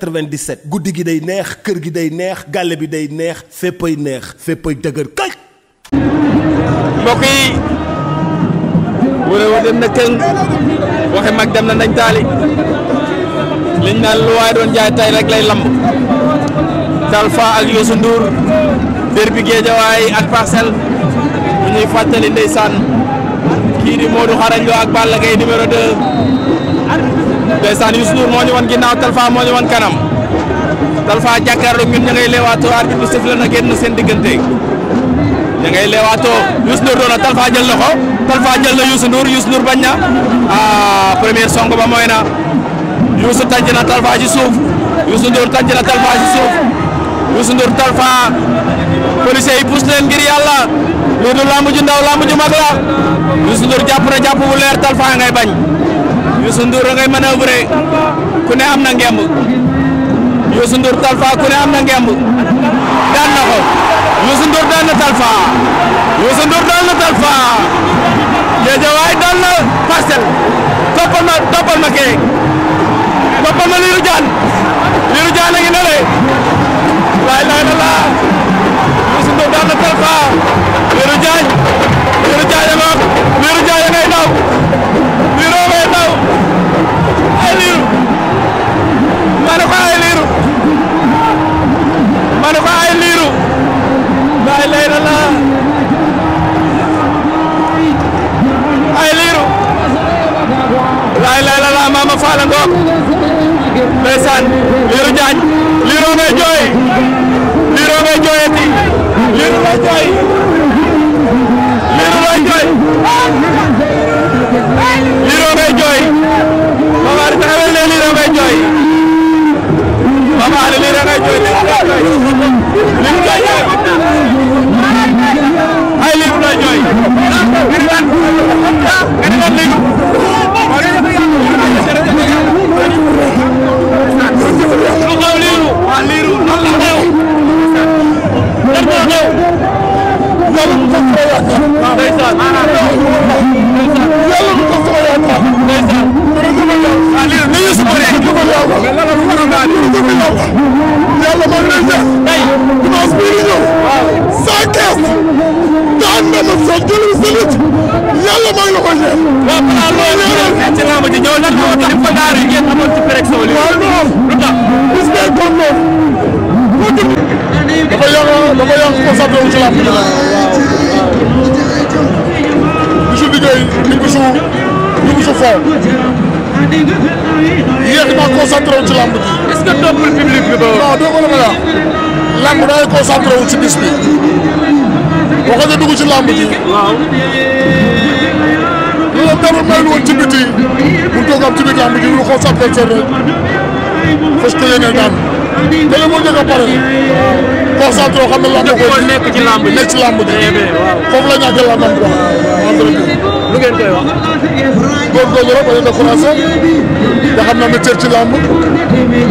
97 guddi gi day neex kër gi day neex gàlle bi day neex féppay neex féppay dëgër kay dem na këng waxe mag dem na nañ taali liñ naan lu waaye doon jaay tay rek lay lamb Talfa ak Youssou Ndour derbi Guédiawaye ak Parcelles bu ñuy fàttali ndeysaan kii di Modou Xarañ Lo ak Balla Gaye numéro 2 ndeysaan Youssou Ndour moo ñu wan ginnaaw Talfa moo ñu wan kanam Talfa jàkkaarloo ñun ña ngay leewaatoo arbitre bi sifflé na seen diggante ña ngay leewaatoo Youssou Ndour doon a Talfa jël na ko Talfa jël na Youssou Ndour Youssou Ndour bañ na ah première song ba mooy na Youssou tànc na Talfa ci suuf Youssou Ndour tànc na Talfa ci suuf Youssou leen ngir yàlla lii du lamb ju ndaw mag la Youssou Ndour jàpp na jàpp bu leer Talfa ngay bañ. Youssou Ndour da ngay manœuvrer ku am na ngemb Youssou Ndour Talfa ku am na ngemb na ko Youssou Ndour daan na Talfa Youssou Ndour daan na Talfa Guédiawaye daan na Parcelles toppal ma toppal ma kee toppal ma liiru jaan waay waay teew te am na nag sax jëlul sa nit yàlla maa ngi la koy ñeent. waaw balaa loolu yëpp yëpp ci làmb ji ñëw lan moo tax fa daara ngeen amoon ci pérex sow li lu tax gis ngeen kon noonu dafa yàq dafa yàq constaté wu ci làmb ji nag bisu liggéey bisu bu sa foofu. yéex ma concentré wu ci lamb ji. est-ce que toppul public bi ba. non doo ko la ma wax. lamb da ngay concentré wu ci bis bi. boo ko dugg ci lamb ji. waaw. loolu la dara mayul woon ci biti. bu toog am ci biir lamb ji lu ko sàppal sa réew. fas ko yéene daan. dana moo njëkk a pare. concentré xam ne lamb ko nekk ci lamb ji nekk ci lamb ji. foofu la ñàkk a lamb ngeen koy a góorgóorlu rek wala de français nga xam ne am na cër ci làmb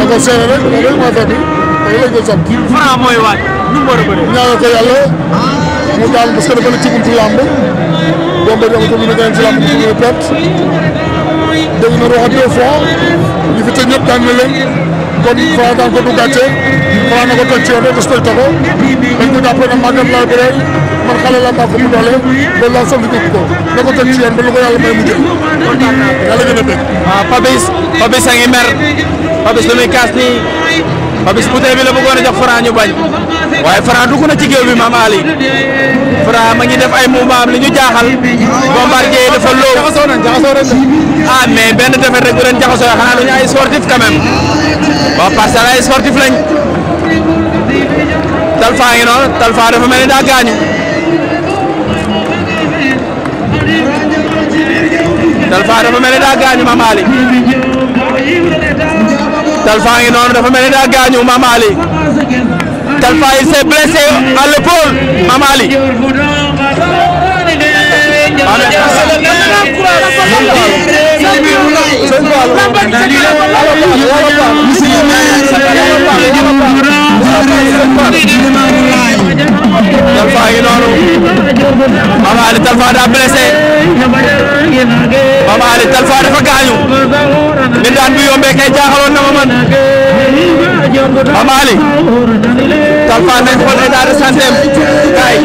a ko seere rek a rek mooy fekk loolu a ko yàlla mu daal parce que dafa la ci buntu làmb doom ba doom ko mën a gën ci làmb mu mën a perte dégg na wax deux fois ñu fi tëj ñëpp daan na leen. kon Franc daan ko na ko teg ci yoon rek respecté ko dañ ko jàppee ne màggam laa bëree man xale la na ko teg ba lu ko yàlla may mu gën a dégg. Fabis Fabis a ngi Fabis lu muy kaas Fabis bouteille bi la bëggoon a bañ. waaye Franc dugg na ci géew bi maam Ali Franc ma ngi def ay mouvement am li ñu jaaxal bombardier dafa loo ah mais benn defet rek bu leen jaxasoo xanaa ay sportif quand même waaw parce que ay sportif lañ Talfa ngi noonu Talfa dafa mel ni daa gaañu Talfa dafa mel ni daa noonu dafa mel ni daa gaañu maam Talfa il s'est blessé à l'épaule Mama Ali. Talfa ngi noonu Mama Ali Talfa daa blessé Mama Ali Talfa dafa gaañu li daan bu yombee kay jaaxaloon na ma man Mama Ali Papa nañ xool état de santé kay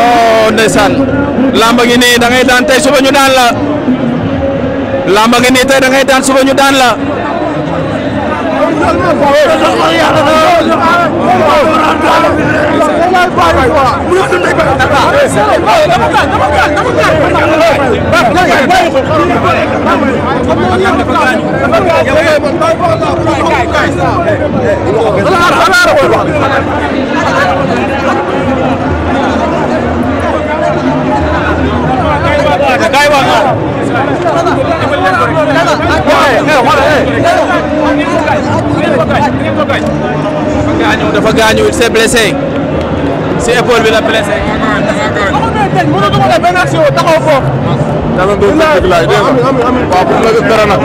oh, lamba ngi nii tey suba ñu daan la lamba ngi nii tey da ngay daan suba ñu daan la Kaiwan. gaañu dafa gaañu il s'est blessé si épaule bi la blessé. dama doon dëgg laay dégg nga waaw bu ma def dara nag.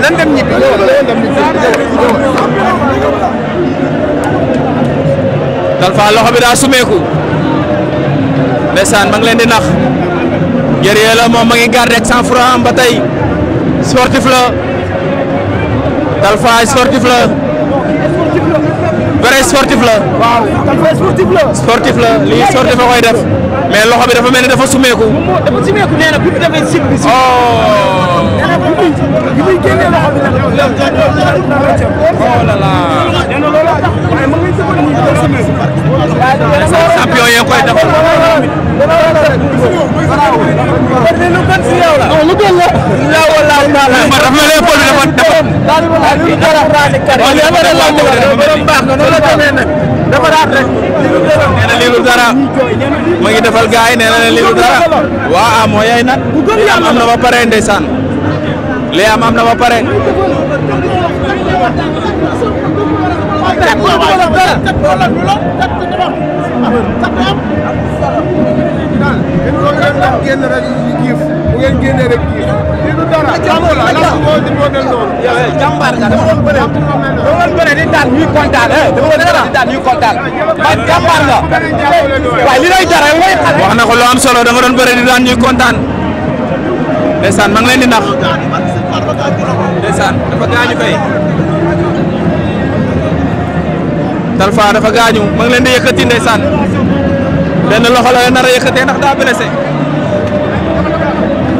nan dem ñibbi. dal fa loxo bi sumeeku. ndeysaan ma ngi leen di nax guerrier moom ma ngi garder ak cent ba tey sportif la Talfa sportif la vrai sportif la. sportif la. sportif sportif la koy def mais loxo bi dafa mel ni dafa sumeeku. bi muy génnee loxo bi nag oh là là nee na loolu tax waaye ma ngi sëbal nii deux semaines champion yee koy defal lu gën si yow la lu gën la la wala la la ma dafa lay pol dafa dafa lu dara raani kare wala wala la borom baax na noonu la demee nag dafa raat rek nee na lii lu dara ma ngi defal gars yi nee na lii lu dara waa moo yay nag am na ba pare ndeysaan li am na ba pare. jàmbaar nga dama doon bëre dama di daan ñuy kontaan eh dama ko lu am doon bëre di daan ma ngi leen di ndeysaan dafa gaañu kay Talfa dafa gaañu ma leen di yëkkati ndeysaan benn loxo la nar a yëkkatee ndax daa blessé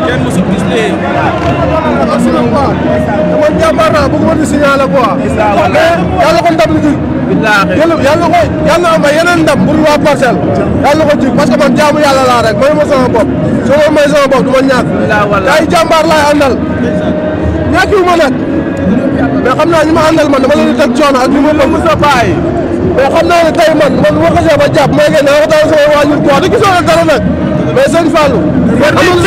kenn di signaler quoi mais yàlla ndam ji yàlla yàlla ko yàlla am ay yeneen ndam pour jaamu yàlla rek may ma sama bopp soo may sama bopp du ma ñàkk ay jàmbaar laay àndal ñàkkiwuma nag mais xam naa ñu ma àndal man dama leen di teg coono ak ñu ma bëgg sa bàyyi mais xam naa ne tey man ma xasee ba jàpp mooy génn wax dëgg sama waajur quoi di gisoo nag dara nag mais sëñ Fallou. amul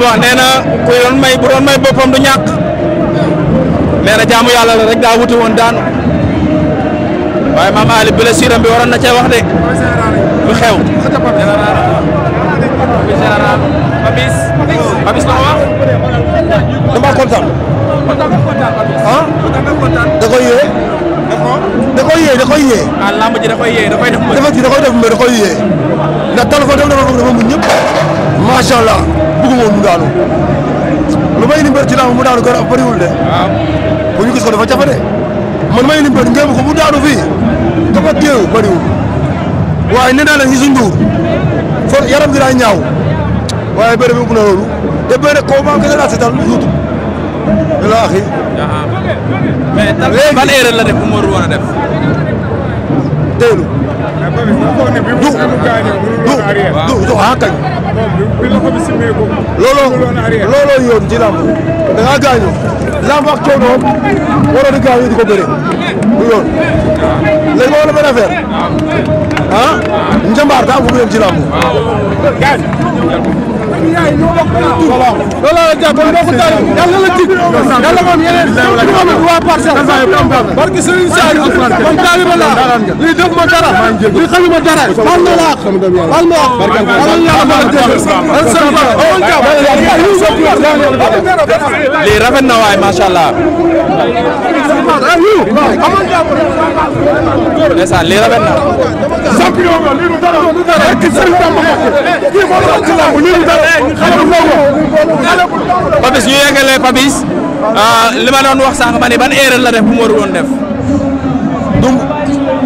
mu wax nee na ku may bu doon may boppam na jaamu yàlla la rek daa wuti woon daanu waaye maam Ali blessure am bi waroon na cee wax de lu xew. général Papis Papis la ko wax. damaa kontaan. kontaan nga kontaan Papis. ah kontaan nga kontaan. da koy yee. da koy yee da koy yee. ah lamb ji da koy yee da koy def mbër. dafa ji da koy def mbër da koy yee. ndax téléphone dafa dafa dafa mun ñëpp. macha allah bëgguma woon mu daanu. lu may ni mbër ci lamb mu daanu gën a bëriwul de. waaw bu ñu gis ko dafa jafe de. man may ni mbër ngeen ko mu daanu fii. dafa teew bëriwul. waaye nee naa leen Youssou Ndour kon yaram dinaa ñaaw waaye bëri bi mu na loolu te bëri koo maa ngi koy wallaahi. mais ban erreur du du du ah looloo looloo yoon ci lamb da ngaa gaañu lamb ak coono di gaañu di ko bëre du yoon léegi moo la benn affaire ah? njambaar daa am fu voilà loolu li ma mën waa parcelle. ma dara lii xamu ma dara baal ma laa Papis ñu yeggalee Papis ah, li ma doon wax sànq ma ne ban erreur la def bu mu waru woon def. donc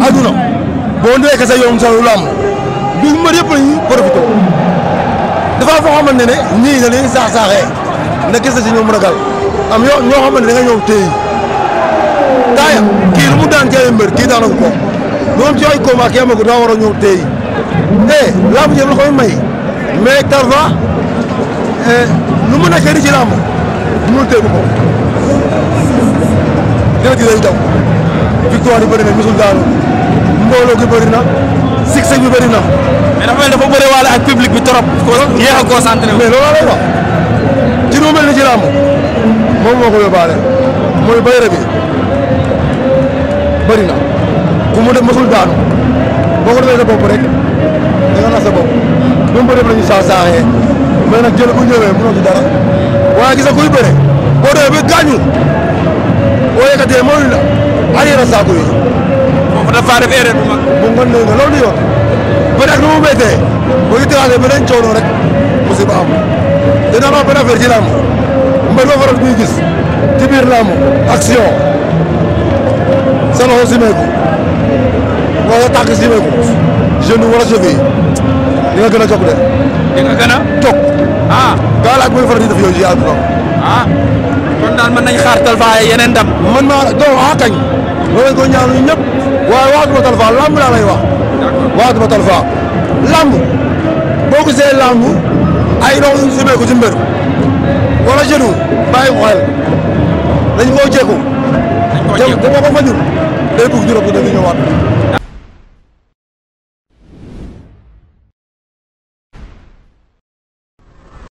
aduna boo ndee kese yow sa lamb du mbër yëpp la ñuy profité dafa am foo xamante ne ñii da leen saax saaxee na kese si ñoom ragal am yoo ñoo xamante ne da nga ñëw téye kii lu mu daan cee mbër kii daanagu ko ñoom ci ay combat kii amagu daa war a ñëw téye te lamb jëm la koy mais Talfa lu euh, mu nekkee di ci làmb mënul tegu ko jërëjëf lay daw victoire yi bëri na musul daanu mbooloo gi bëri na succès bi bëri na. mais dafa mel dafa bëri waale ak public bi trop. yéex a concentré mais loolu lay ci lu mel ni ci làmb moo ko yóbbaale mooy bayre bi bëri na mu def musul daanu boo ko defee sa bopp rek. da nga na sa bopp même bëri la ñu saax saaxee mais nag jël bu ñëwee mënoo dara waaye gis nga kuy bëre boo gaañu boo yëkkatee mënuñ la arrière saako yi. foofu dafa def erreur bu loolu di yoon ak nu mu méttee boo ñu teraasee rek musiba am dina ma benn affaire ci làmb mbër gis ci biir làmb action sa loxo simeeku wala tànk genou wala cheville di nga gën a jokk de. di nga gën a jokk. ah gaal ak mooy faral di def yooyu yàlla du ah kon daal mën nañ xaar Talfa yeneen ndam. man maa doo ah kañ. loolu ko ñaan ñu ñëpp. waaye waxatuma Talfa lamb laa lay wax. d'accord waxatuma Talfa. lamb boo ko see lamb ay rox yu sumee ko ci mbër wala genou bàyyi ko xel dañ koo jékku. dañ ko fañul day bugg ñu rëbb